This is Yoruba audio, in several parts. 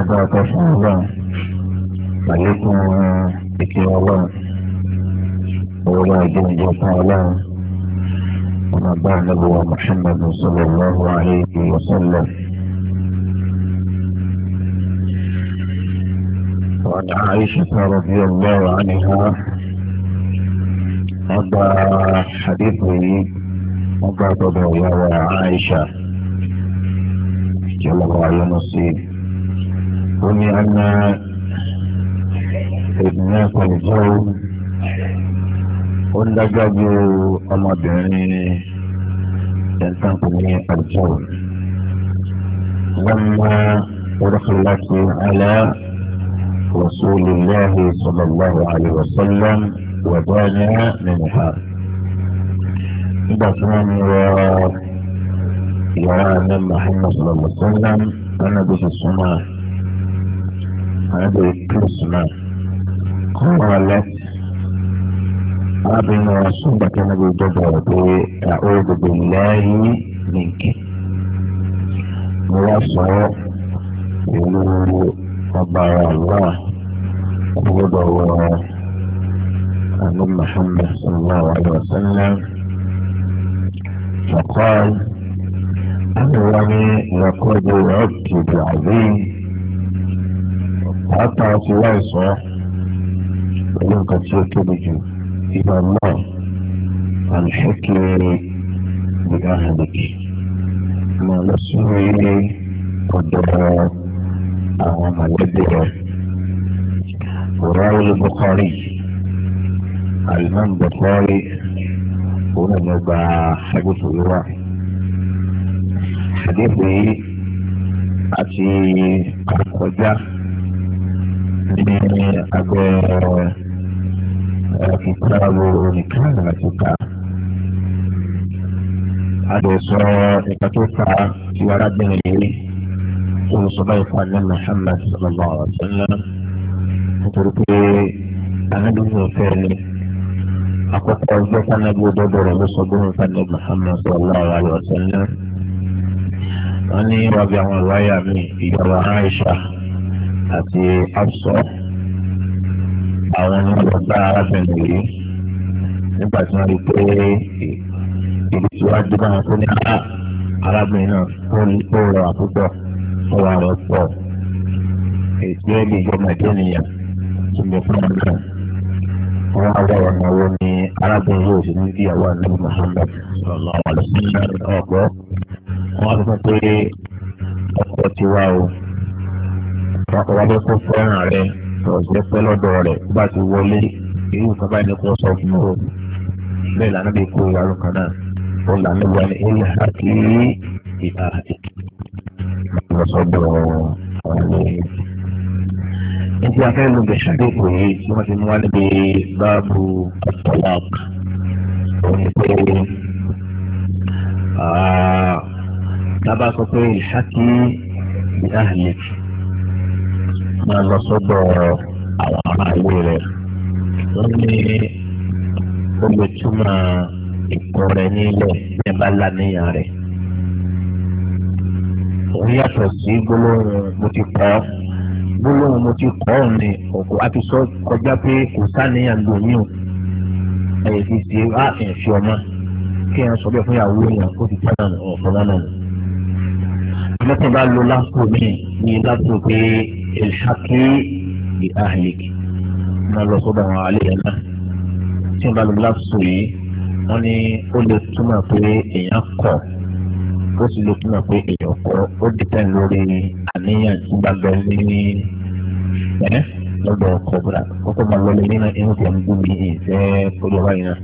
agbára tó fún ọlọ́run àlékún ìpè ọlọ́run ọwọ́lá ìjẹ́nìjẹ́ fún ọlọ́run ọmọ àgbà ànábọ̀wá Muhammad sallallahu alayhi wa sallam. وعن عائشة رضي الله عنها أبا حديثه أبا تضيع عائشة جل الله ينصيب قلنا أن ابنك الجو جاجو أما أمدعين ينتقل الجو لما ودخلت على رسول الله صلى الله عليه وسلم ودانا منها دفن ويرى محمد صلى الله عليه وسلم أنا بس السماء هذه الكريسماس قالت أبن رسول كان بيدبر أعوذ بالله منك ويصعب يقول رب الله وضع النبي محمد صلى الله عليه وسلم فقال أنا لقد عدت بعظيم pàápàá ti wá ìsọ pẹ̀lú nǹkan tí ó tóbi jù ìgbà náà àlùfẹ́kẹ̀ẹ́ ìgbà àdìgì máa lọ sínú ilé ọ̀dọ̀ àwọn mọ̀lẹ́bí rẹ̀ òráwé Bukhari alimami Bukhari òun náà ló gba àgbẹ̀tò wíwá àdéhùn àti àkọjá ní abẹ́ ìtàwó oníkan àti ká. a lè sọ ìka tó fa tí arábìnrin yìí tó sọ báyìí fún alẹ́ Muhammad sallallahu alaihi wa sallam nítorí pé anábìnrin ìfẹ́ ni àkọ́kọ́ ọjọ́ kánábí ọdọ́dọ̀ rẹ̀ ló sọ gbóhùn fún Muhammad sallallahu alaihi wa sallam wọ́n ní rabi àwọn ìwáyà mi ìyàwó Aisha àti Hafsa àwọn ọ̀gá arábìnrin yìí nígbà tí wọ́n rí pé ìlú tí wọ́n dé báwọn fún ní arábìnrin náà ó rẹwà púpọ̀ ó wà rẹ̀ pọ̀ ètò ẹ̀mí ìjọba tó lè fún ọ̀gá náà wọ́n á wá ọ̀nà wo ni arábìnrin yóò ṣe ní ìyàwó ànábì Muhammad sallallahu alaihi wasallam ọ̀gbọ́ wọ́n á sọ pé ọkọ̀ ti wá o tọkọwábẹ kó fẹ́ràn rẹ ọ̀jẹ̀ pẹ́ lọ́dọ̀ rẹ̀ bá ti wọlé irú nǹkan báyìí ni kò sọ fún o bẹ́ẹ̀ lànà bí kó ìyàrá kan náà ó lànà wà ní ilẹ̀ àti ìta àti ìlọsọdọ̀ ọ̀rẹ́. Níbi afẹ́lu bẹ̀ṣadé kò yé tí wọ́n ti mú wá níbi báàbù àtọ́lák òun ni pé tábà sọ pé ìṣákí ìdáhìlẹ̀ máa lọ sọ́dọ̀ àwọn aráàlú rẹ̀ wọ́n ní ó lè túmọ̀ ìkọ́ rẹ̀ nílẹ̀ bí ẹ bá lànìyàn rẹ̀ òun yàtọ̀ sí gbólóhùn mo ti kọ́ gbólóhùn mo ti kọ́ òun ni òkú àti sọ kọjá pé kò sáníyàn lòyún ẹ̀yẹ ti ṣe á ẹ̀fí ọmọ kí ẹ sọ bẹ́ẹ̀ fún ìyàwó èèyàn ó ti tẹ́lẹ̀ ọ̀fọ̀ náà nù. àmọ́tẹ́ bá lo lásìkò mi ní lásìkò pé ilhaqi bi من máa lọ sọ́dọ̀ àwọn àlejò náà tí wọ́n bá lọ láṣù yìí wọ́n ní ó lè túmọ̀ pé èèyàn kọ̀ ó sì lè túmọ̀ pé èèyàn kọ̀ ó dìtẹ̀ lórí àníyàn tí bá bẹ ní ẹ́ lọ́dọ̀ ọkọ̀ búra ó máa lọlé nínú ẹ̀yìn tí a ń gbóbi ìfẹ́ kọjọ báyìí náà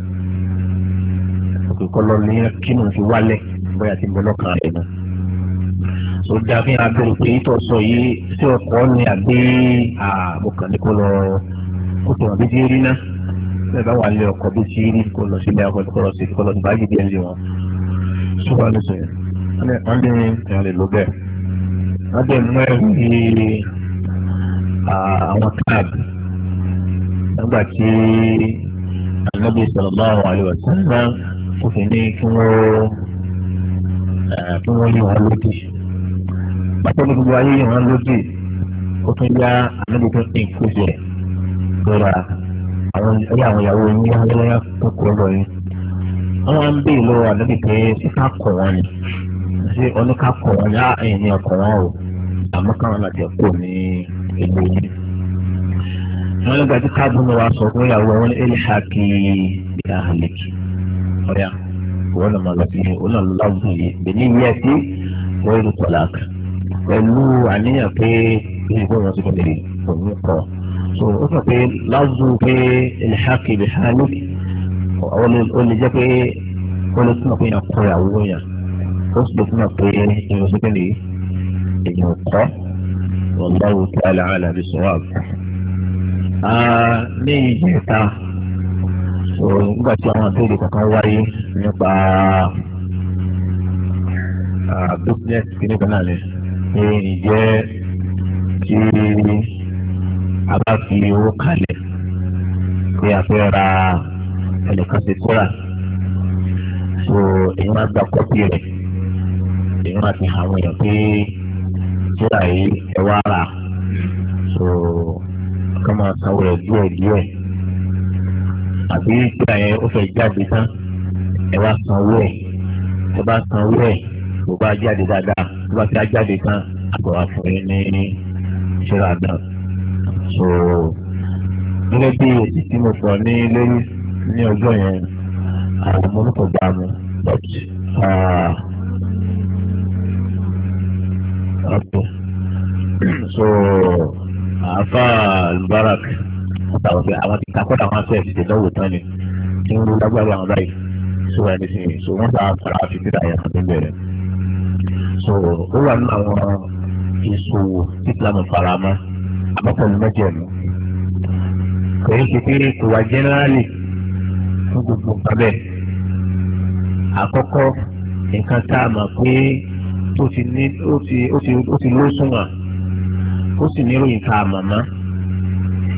òkè kọ́ lọ kí ni mo fi wálẹ̀ bóyá ti bọ́ lọ́kàn rẹ̀ náà ó dá fi hàn pé pé ìtọ̀ sọ yìí tí ọkọ ni àbí àbùkànlé kó lọ kó tó wọn bí jírí náà bẹ́ẹ̀ bá wà lé ọkọ bí jírí kó lọ sílé ọkọ kó lọ sí kó lọ sí báyìí bí ẹ lé wọn. ṣùgbọ́n ní sọ yẹn wọ́n ní èèyàn lè lò bẹ́ẹ̀ wọ́n dẹ̀ mú ẹ̀rù ní àwọn káàbù nígbà tí anábì sallallahu alaihi wasallam kò fi ní kí wọ́n kí wọn lódì bàtọ́ ní gbogbo ayé ìran lóde ó tún yá ànábi tó ń pè kó jẹ lọ́ra àwọn ẹ̀yà àwọn ìyàwó yín yá lọ́yà tó kọ́ lọ yín. wọ́n máa ń bè lọ́wọ́ ànábi pé ká kọ̀ wọ́n ni ṣé oníkà kọ̀ wọ́n yá ẹ̀yìn ní ọkọ̀ wọn o àmọ́ káwọn láti ẹ̀kọ́ ní ìlú yín. wọ́n lọ́gbà tí káàbùnú wa sọ fún ìyàwó wọn ní ẹ̀lì hàkì ìyá àlèkì ọ̀rẹ́ àwọn ọ̀nà màlọ́bí ọ̀nà lọ́gbọ̀n yìí bẹ̀ ní ìyẹ́ sí wọ́n ìlú pọ̀lákà pẹ̀lú àníyàn pé ìgbẹ́ wọn ti tẹ̀lé kò ní kọ́ so ó sọ pé lájú pé ìlẹ́hàkì ìbí hálí ó lè jẹ́ pé ó lè túnmọ̀ pé yàn kọ́ ìyàwó yàn ó sì lè túnmọ̀ pé ìyàn ti tẹ̀lé èèyàn kọ́ wallahu ta'ala ala bisawab. ní ìjẹta nígbà tí àwọn àtúndì kankan wáyé nípa business kìnnìkan náà lẹ́yìn ní ìjẹ́ tí a bá fi owó kalẹ̀ pé a fẹ́ ra ẹnìkan ti kóra so èyí máa gba kọ́pì rẹ̀ èyí máa fi hàn wọ̀nyẹn pé kóra yìí ẹ wá rà so kọ́ máa sanwó rẹ̀ díẹ̀ díẹ̀ àbí kóra yẹn ó fẹ́ jáde tán ẹ wá sanwó ẹ̀ ẹ bá sanwó ẹ̀ kò bá jáde dáadáa tó bá ti á jáde tán àgbọ̀ àfọyín ní ṣẹ́ra náà. so gẹ́gẹ́ bí èsì tí mo sọ ní lórí ní ọjọ́ yẹn àwọn ọmọ náà kò bá but ọ̀pọ̀ ah, so àfa Mubarak àtàwọn pé àwọn ti kakọ́ta wọn fẹ́ẹ́ ti tẹ̀lé òwòtán ni tí wọ́n lọ lágbára àwọn báyìí so ẹni sìn so wọ́n sá fara fìdí àyà tó ń bẹ̀rẹ̀ so ó wà nínú àwọn ìṣòwò tí Islam faramọ́ àbọ̀pọ̀lù mẹ́jẹ̀mú kìí ṣe pé kò wá jẹ́nẹ́rálì fún gbogbo nǹkan bẹ́ẹ̀ àkọ́kọ́ nǹkan tá a mọ̀ pé ó ti ní ó ti ó ti ó ti lóṣùwọ̀n ó sì ní ìròyìn tá a mọ̀ mọ́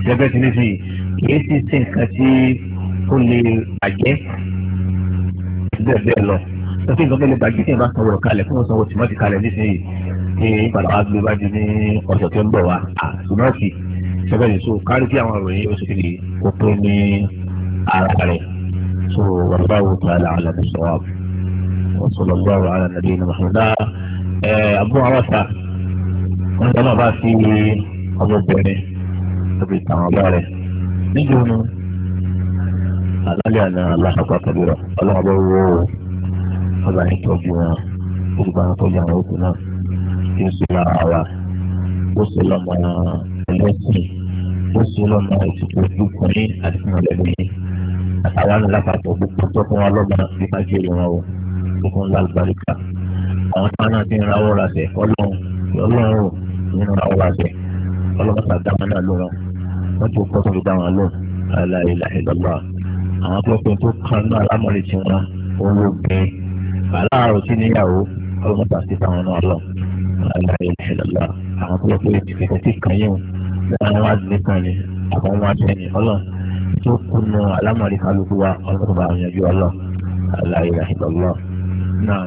gẹ́gẹ́ ti nísìnyí kìí sì ṣe nǹkan tí ó lè bàjẹ́ bẹ́ẹ̀ bẹ́ẹ̀ lọ sọ pé nǹkan tó lè bàjẹ́ tí ìbá sanwó rẹ̀ kalẹ̀ fún sanwó tìmọ́tì kalẹ̀ nísìnyí ní ìpàdé wa gbé wájú ní ọ̀sẹ̀ tó ń bọ̀ wá tìmọ́tì sọ́kẹ́ ní so kárí kí àwọn ìròyìn oṣù kìlì kó tó ní ara rẹ̀ so wàlúwà wò tó àlà àlà bìsọ̀ wà wọ́n sọ lọ gbọ́ àlà nàbí ní mọ̀sánná ẹ̀ àbúrò àwọn ọ̀sà wọ́n sọ náà bá sí ọmọbìnrin tóbi tàwọn ọba rẹ̀ níjọ́ nu àlálẹ́ àná aláṣà pàtàkì rẹ̀ ọlọ́run ọba ọba ní tọ́jú wọn gbogbo àwọn tọ́jú àwọn òkú náà tí ó sì máa wà ó sì lọ́mọ ẹlẹ́sìn ó sì lọ́mọ ìtìkú ojúkọ ní àti mọ̀lẹ́bí ní àtàwọn ní lápapọ̀ gbogbo tó fún wọn lọ́mọ nípa jèrè wọn o gbogbo ńlá àlùbáríkà àwọn táwọn náà ti ń rawọ́ ra sẹ̀ ọlọ́run ọlọ́run ń rawọ́ ra sẹ̀ ọlọ́run sàdámọ́ náà ló rán wọ́n ti kọ́ tó wọn lóhùn aláìláìlọ́gbà aláàárọ̀ tí níyàwó ọlọ́mọ tàbí táwọn náà lọ aláàárẹ̀ ìṣẹ̀lẹ̀lá àwọn tó lọ pé ìfẹ̀fẹ̀ tí kan yóò láwọn wá sí nìkan ni àwọn wá sí ẹni ọlọ́ tó kùnà alámọ̀rí kálukú wa ọlọ́mọ tó bá àwọn yanjú ọlọ́ aláàárẹ̀ ìṣẹ̀lẹ̀lá náà.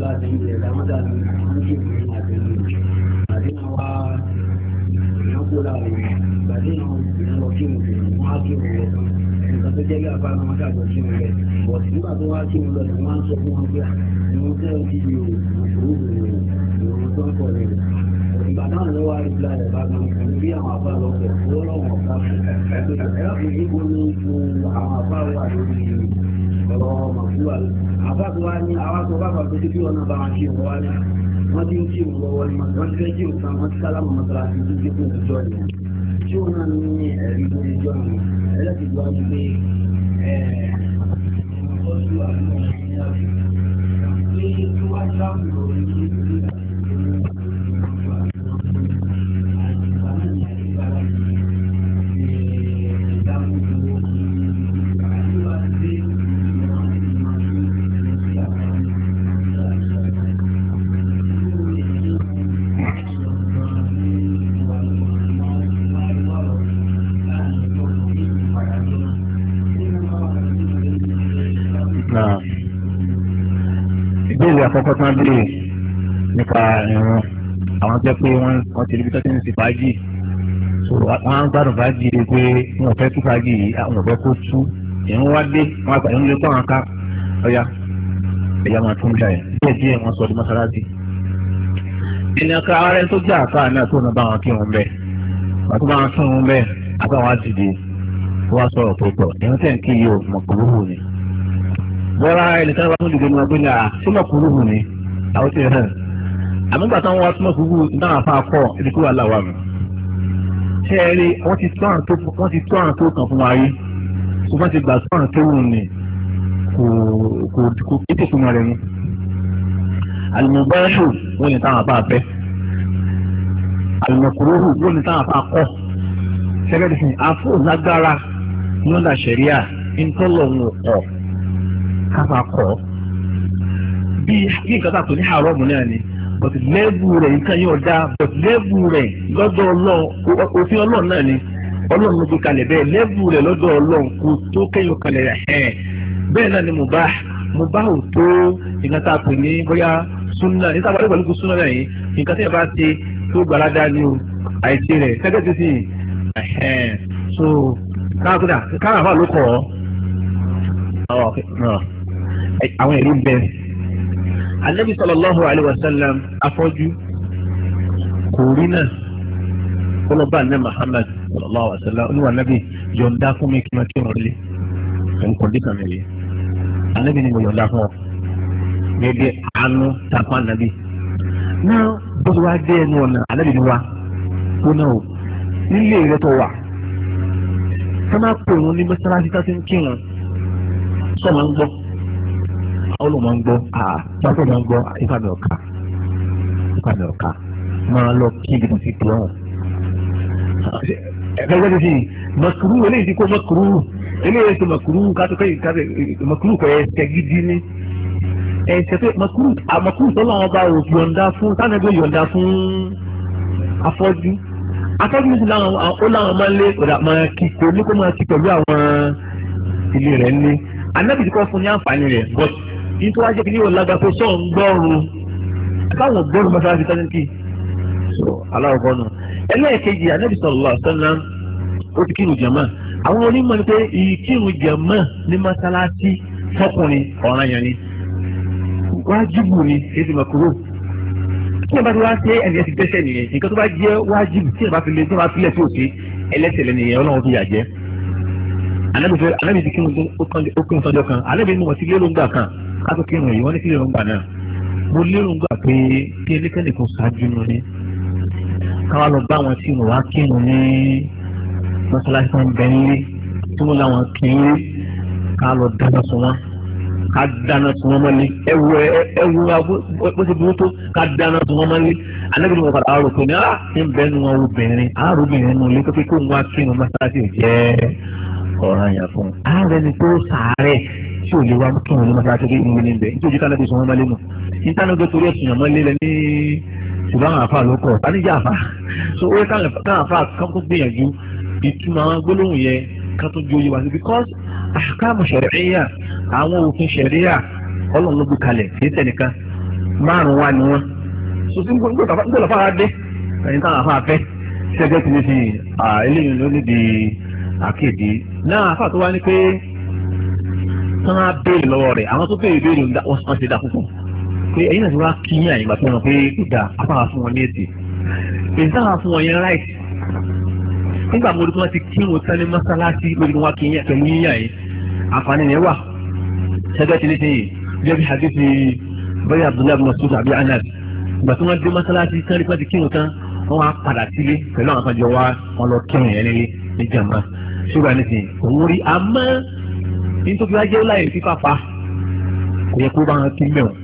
za ta yi da damu da al'ummi na da yi ba zai na wa na kula da yi ba zai na wani wafi mutu mu haki mu yi nǹkan tó jẹ́ bí apá náà ká àjọ sínú rẹ̀ bọ̀ nígbà tó wá sí mu lọ ni wọ́n á sọ fún wọn pé ni wọ́n tẹ́wọ́n ti di òṣèlú ìròyìn tó ń pọ̀ rẹ̀ ìgbà náà ló wá rí bílá rẹ̀ bá gan kan bí àwọn apá lọ pẹ̀ lọ́wọ́ ọ̀pá ẹgbẹ́ ìgbà tó ní àwọn apá wà lórí ìròyìn ọ̀rọ̀ màfúwà àbákùwá ní àwákùwá bàbá tó débi ọ̀nà bá wọn ṣe wọ́n wá ní wọ́n ti ń ṣe wọ́n lọ́wọ́ ní wọ́n ti fẹ́ ṣe wọ́n sáà wọ́n ti sálámù mọ́tàlásì tó dé fún ìjọ ni tí ó náà ní ẹ̀rí tó lè jọ ni ẹlẹ́sìn gbọ́ ju pé ọ̀ṣun àti ọ̀ṣun ní ìbéèrè àkọ́kọ́ tán béèrè nípa ìrún àwọn jẹ́ pé wọ́n wọ́n ti ríbi tó ti ń ṣe fàájì wọ́n á ń gbádùn fàájì rẹ̀ pé wọ́n fẹ́ tú fàájì yìí àwọn ọ̀bẹ kó tú ìrún wá dé wọ́n àgbà ìrún lè kọ́ àwọn ká ọ̀yà ẹ̀yà máa tún dà ẹ̀ díẹ̀ díẹ̀ wọ́n sọ ọdún mọ́sálásí. ènìyàn ká ara ẹni tó jẹ́ àká náà tó náà bá wọn kí wọn bẹ́ẹ̀ wọ́n tó bá wọn wọn bẹ́ẹ̀ àbá wọn á dìde wọ́n á sọ̀rọ̀ pé wọ́n ra ẹnìkan wá fún ìdìbò ọgbẹ́ náà sílẹ̀ kúrú hù ní àwọn ti hàn àmúgbà táwọn wá sílẹ̀ kúrú náà fa akọ ibi kúrò aláwa mi. ṣé ẹ rí wọ́n ti tó àwọn tó kàn fún wa rí kó wọ́n ti gbà tó àwọn tó wù ní kò kò kéde fún wọn rẹ̀ ni. àlùmọ̀gbọ́nṣù wọ́n ní táwọn àbá bẹ́ àlùmọ̀kúrúhù wọ́n ní táwọn àbá kọ́ ṣẹ́gẹ́dẹ́sìn àfọ̀ lágbára ní ọ̀dà ṣẹ̀ríà ń tọ́lọ̀ wọn kọ̀. káfà kọ́ bí nǹkan tàbí ní àrọ́mù náà ni but lẹ́bù rẹ̀ nǹkan yóò dá but lẹ́bù rẹ̀ lọ́dọ̀ ọlọ́run òfin ọlọ́run náà ni ọlọ́run ló gbé kalẹ̀ bẹ́ẹ̀ lẹ́bù rẹ̀ lọ́dọ̀ ọlọ́run kò tó kẹ́yọ̀ kalẹ̀ ẹ̀ bẹ́ẹ̀ náà ni mo bá mo bá ò tó nǹkan a ní bóyá súnà ní sábà súnà nǹkan bá tó o àìsí rẹ̀ ti sìn ẹ̀hẹ́n so àwọn ẹ̀rí bẹ anabi sallallahu alayhi wa sallam afọ́jú kò rí náà kọlọba ní muhammad sallallahu alayhi wa sallam oníwà anabi yọ̀ǹda fún mi kí n máa kí n rọ̀ lé n kò dé kàmí rí anabi ni mo yọ̀ǹda fún ọ gẹ́gẹ́ àánú tàpá anabi náà bọ́sọ̀ wá dé ẹnu ọ̀nà anabi ni wa kó náà o nílé ìrẹ́tọ̀ wà sọ́mà pè wọ́n ní mọ́sálásí tá a ti ń kírun sọ́mà ń gbọ́ olùmọ̀ ń gbọ́ pásítọ̀ ah. máa ń gbọ́ ìfàmì ọ̀ka ìfàmì ọ̀ka máa lọ kí ibi tí tó hàn. ẹgbẹ́ ti ah, makuru eléyìí ti kó makuru eléyìí ti makuru kátó makuru kọ ẹsẹ̀ gidi ni ẹsẹ̀ pé makuru makuru tọ́lá wọn bá yọ̀ǹda fún sanagbé yọ̀ǹda fún afọ́jú afọ́jú ti láwọn ó láwọn máa ń lé ọ̀dà máa kí kò ní kó máa kí pẹ̀lú àwọn ilé rẹ̀ ń lé anábìtí kọ́ fún ní àǹfààní rẹ̀ bọ́tù yìí tó wá jẹ́ kí ní yóò lága pé sọ́ọ̀ ń gbọ́rùn báwọn gbọ́rùn mọ́sálásí tẹ́lẹ̀kì aláwọ̀kọ́ nù ẹlẹ́ẹ̀kejì anabi sallallahu alaihi wasallam ó ti kírun jàmá àwọn onímọ̀ ni pé ìkírun jàmá ní mọ́sálásí fọkùnrin ọ̀ràn yẹn ni wájibù ni èsì mọ̀kúrò tí ẹ bá ti wá ṣe ẹni ẹsì tẹ́sẹ̀ nìyẹn nǹkan tó bá jẹ́ wájibù tí ẹ bá fi lè tó bá filẹ̀ tó ṣe ẹlẹ́sẹ̀lẹ̀ nìyẹn ọlọ́run fi yà jẹ́ anabi ti kírun ó kírun sọ́jọ́ kan anabi ni wọ́n ti lé lóńgbà kan kátó kírun yìí wọ́n ní kí lèrò ń gbà náà mo lérò ń gbà pé kí ẹnikẹ́ni kò ṣáájú nu ni káwa lọ bá àwọn tí mo wá kírun ní mọ́ṣáláṣí tó ń bẹ nílé tí mo láwọn kì í ká lọ dáná sun wọn ká dáná sun wọn mọ́lé ẹwu ẹwu bó ṣe burú tó ká dáná sun wọn mọ́lé anábìrin mo padà rò pé ní ah ń bẹ nu wọn obìnrin àárò obìnrin nu ilé pé kó ń wá kírun mọ́ṣáláṣí ò jẹ́ ọ̀ràn yà fún un tí ò lè wá kí wọn ní masalasi kí wọn ní bẹ nítorí kálá ti sọ wọn mọlẹ nù nítorí pé torí ẹsùn yàmọ lé lẹ ní ṣùgbọ́n àwọn àfa ló kọ̀ tánijẹ́ àfa so ó yẹ káwọn àfa kan tó gbìyànjú ìtumọ̀ àwọn gbólóhùn yẹn kan tó ju oyè wá sí because àkàmù ṣẹ̀ríyà àwọn òfin ṣẹ̀ríyà ọlọ́run ló gbé kalẹ̀ kì í sẹ́nìkan márùn wa ni wọ́n so sí gbọ́dọ̀ fáwọn adé ẹni táwọn àfa fẹ́ ṣẹ́gbẹ́ ti ní sí eléyìí ló di àkéde náà àfa tó wá ní pé tán á béèrè lọ́wọ́ rẹ̀ àwọn tó béèrè béèrè wọ́n ti dá púpọ̀ pé ẹ̀yin náà ti wá kí yín àyìnbá tó wọn pé ìdá afáwà fún wọn ní èdè ìdáhà fún wọn yẹn ráìtì nígbà mo rí wọn ti kí wọn tán ní mọ́sálásí lórí wọn kí yín pẹ̀lú yíyàn yìí àǹfààní yẹn wà ṣẹgbẹ́ ti ní ṣe yìí jẹ́bi hadithi bẹ́ẹ̀ abdullahi masud abi anad ìgbà tí wọ́n dé mọ́sálásí tán rí wọn ti kí wọn tán wọ́n á padà sílé pẹ̀lú àwọn àkànjọ wa wọn lọ kí wọn yẹn nílé ní jàmbá ṣùgbọ́n ní nítorí wájú ó láyè sí pàpà kò yẹ kó bá wọn kí mẹ́wọ̀n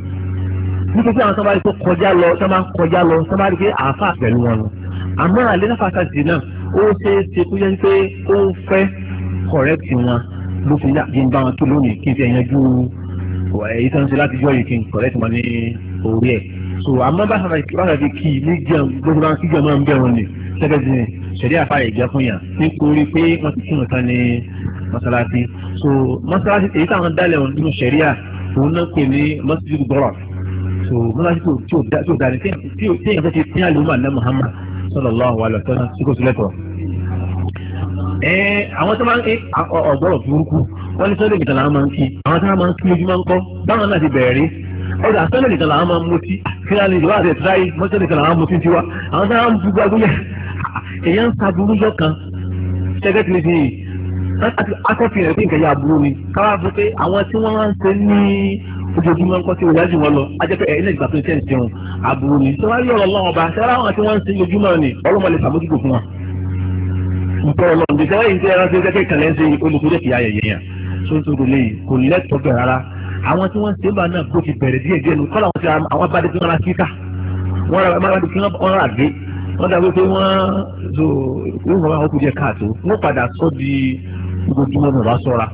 nítorí àwọn sábà tó kọjá lọ sábà kọjá lọ sábà rí pé àáfà pẹ̀lú wọn lọ àmọ́ àlẹ́ náà fàtà sí náà ó ṣe é ṣe kó yẹ pé ó ń fẹ́ kọ̀rẹ́tì wọn ló fi yàgbé ń bá wọn tó lónìí kí n ti ẹ̀yanjú èyí tó ń ṣe láti jọ yìí kí n kọ̀rẹ́tì wọn ní orí ẹ̀ so àmọ́ bá fàtàkì kì í ní jẹun gbogbo àwọn kíjọ máa ń bẹ̀rù ni gẹ́gẹ́ bí ṣẹ̀dí àfàyè ìjẹ́ fún so mọ́sálásí èyí táwọn dálẹ̀ ọ̀hún nínú sẹ̀ríà òun náà pè ní mọ́sálásí gbọ́rọ̀ so mọ́sálásí tí ò dání tí èèyàn fẹ́ ti pín àlùmọ́ àná Muhammad sallallahu alaihi wasallam tí kò sí lẹ́tọ̀ọ́. ẹ àwọn tó máa ń ọ̀gbọ́rọ̀ burúkú wọ́n ní sọ́dọ̀ nìkan làwọn máa ń kí àwọn tó máa ń kí ojúmọ́ ń kọ́ báwọn náà ti bẹ̀rẹ̀ ọ̀dà sọ́dọ̀ nìkan làwọn máa ń mutí kíláàlì ìjọba àti ẹ̀tíráì mọ́sọ́dọ̀ nìkan làwọn mutí tiwa àwọn tó máa ń bu gbàgbé yẹn èèyàn ń sa burú yọ kan ṣẹ́gẹ́tì nìkan yìí akọ́fihàn pé nǹkan yà burú ni káwá bó pé àwọn tí wọ́n ń ṣe ní ojoojúmọ́ nǹkan tí wọ́n yájú wọn lọ ajẹ́pẹ́ ẹ̀yìn ìgbà tó ń tẹ̀sí wọn aburú ni tó wá rí ọ̀rọ̀ lọ́wọ́ ọba sẹ́ra àwọn tí wọ́n ń ṣe ojoojúmọ́ ni ọlọ́mọ lè sàmójútó fún wọn. ǹtọ́ ọlọ́run bíi sẹ́wọ́n yìí ń tẹ́ ẹran tó kẹ́kẹ́ ìkànnì ṣe àwọn tí wọ́n ń ṣe náà bó ti bẹ̀rẹ̀ díẹ̀ nù kọ́lá wọn ti àwọn abáde tó ń ra síkà wọ́n ra abáde tí wọ́n rà dé wọ́n dàgbé pé wọ́n so wọ́n máa ń kú káàtó wọ́n padà sọ di gbogbo ọmọ bá sọ́ra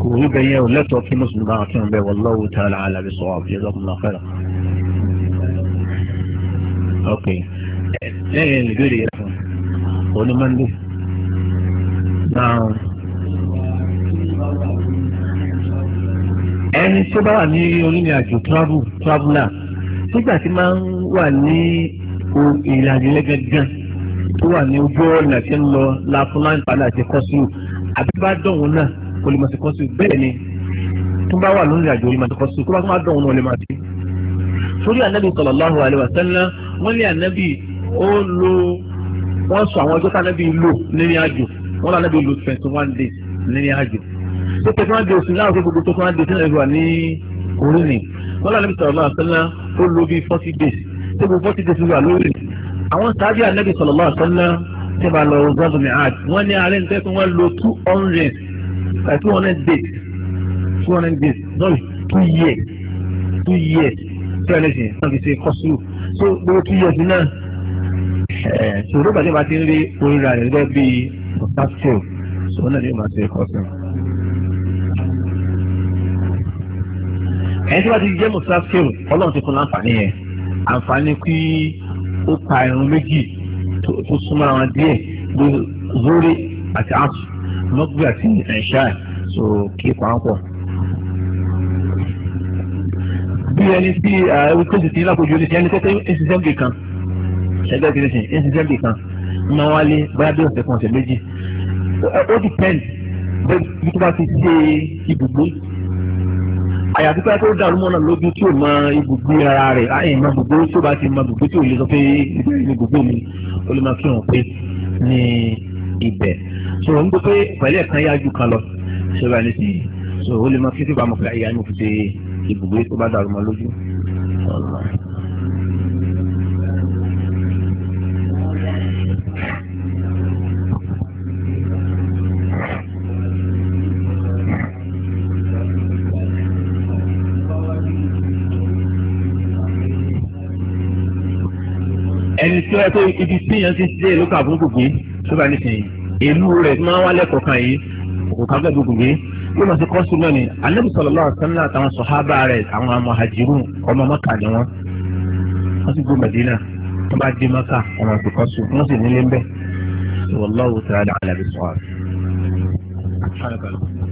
kò rí bẹ́ẹ̀ yẹn ò lẹ́tọ̀ọ́ kí mùsùlùmí bá wọn kí wọn bẹ́ẹ̀ wallahu ta'ala àlàbí sọ àwọn ìjọba ọmọ náà fẹ́ràn. ok lẹ́yìn ìbéèrè yẹn fún onímọ̀ndé náà ẹni tó bá wà ní onírin àjò travel traveller nígbà tí máa ń wà ní ìrìnàjò lẹ́gẹ̀ẹ́gàn tó wà ní ojú ọ̀nà tí ń lọ láfúnláńpadà àti kọ́sùlù àbí bá dọ̀hún náà kò lè máa ṣe kọ́sù bẹ́ẹ̀ ni tó bá wà lórí àjò lè máa ṣe kọ́sù tó bá tó bá dọ̀hún náà lè máa ṣe. torí ànábì sallallahu alaihi wasallam wọ́n lé ànábì ó lo wọ́n sọ àwọn ọjọ́ tánábì lò nínú àjò wọ́n lọ ànábì lò twenty one days nínú àjò. tó twenty one days ní àwọn gbogbo twenty one days náà wà ní orí ni wọ́n lọ ànábì sallallahu alaihi ó lo bíi forty days tó gbogbo forty days wà lórí àwọn sáájú ànábì sallallahu alaihi tí wọ́n bá lọ rọ́ọ̀dù ní art wọ́n ní ààrẹ nítorí pé wọ́n lo two hundred uh, two hundred days two hundred days sorry two years two years tí wọ́n lè ṣe wọ́n fi ṣe kọ́sùrù so gbogbo two years náà ṣòro eh, gbàdé bá ti ń rí oríra rẹ̀ gẹ́gẹ́ bí ọ̀sáṣẹ́ò so náà ni yóò máa ṣe kọ́sùrù. ẹni tí wọ́n ti jẹ́ mùsáfíù ọlọ́run ti fún láǹfààní yẹn àǹfààní kí ó pa irun méjì tó súnmọ́ àwọn díẹ̀ bí zórí àti asu mọ́gbì àti ẹ̀ṣá so kí pàápọ̀. bí ẹni tí wíkẹ́sì ti lápòjú ní ti ẹni tẹ́tẹ́ ìṣiṣẹ́ bì kan ẹgbẹ́ ti ṣe ìṣiṣẹ́ bì kan máa wálé bóyá bí ọ̀sẹ̀ kan ọ̀sẹ̀ méjì ó dìpẹ́ǹd bí tó bá ti ṣe ibùgbé àyàfi pé kó dàrú mọ́nà lójú tí ò mọ ibùgbé ara rẹ̀ àyìn mọ gbogbo tí ó bá ti mọ gbogbo tí ò lè sọ pé ibẹ̀ ni gbogbo mi ó lè máa fi hàn pé ní ibẹ̀ so ń gbọ́ pé pẹ̀lú ẹ̀kan yájú kan lọ ṣé bá ní sí i so ó lè máa fi sí ìbámu pé àyà ni mo fi ṣe ibùgbé tó bá dàrú mọ́ lójú. ẹni tí wọ́n tó ibi téèyàn ti dé ló kà fún tó bá nísìnyí èlú rẹ̀ máa wá lẹ́kọ̀ọ́ kan yìí òkò kan gbẹ́dọ̀ yóò máa ṣe kọ́sùn náà ni anabi sallallahu alaihi wasallam àtàwọn sọ̀hábà rẹ̀ àwọn muhajirun ọmọ mọ́kà ni wọ́n wọ́n sì gbó Mẹdínà wọ́n bá dé mọ́kà ọmọ wọ́n sì nílé ń ala bis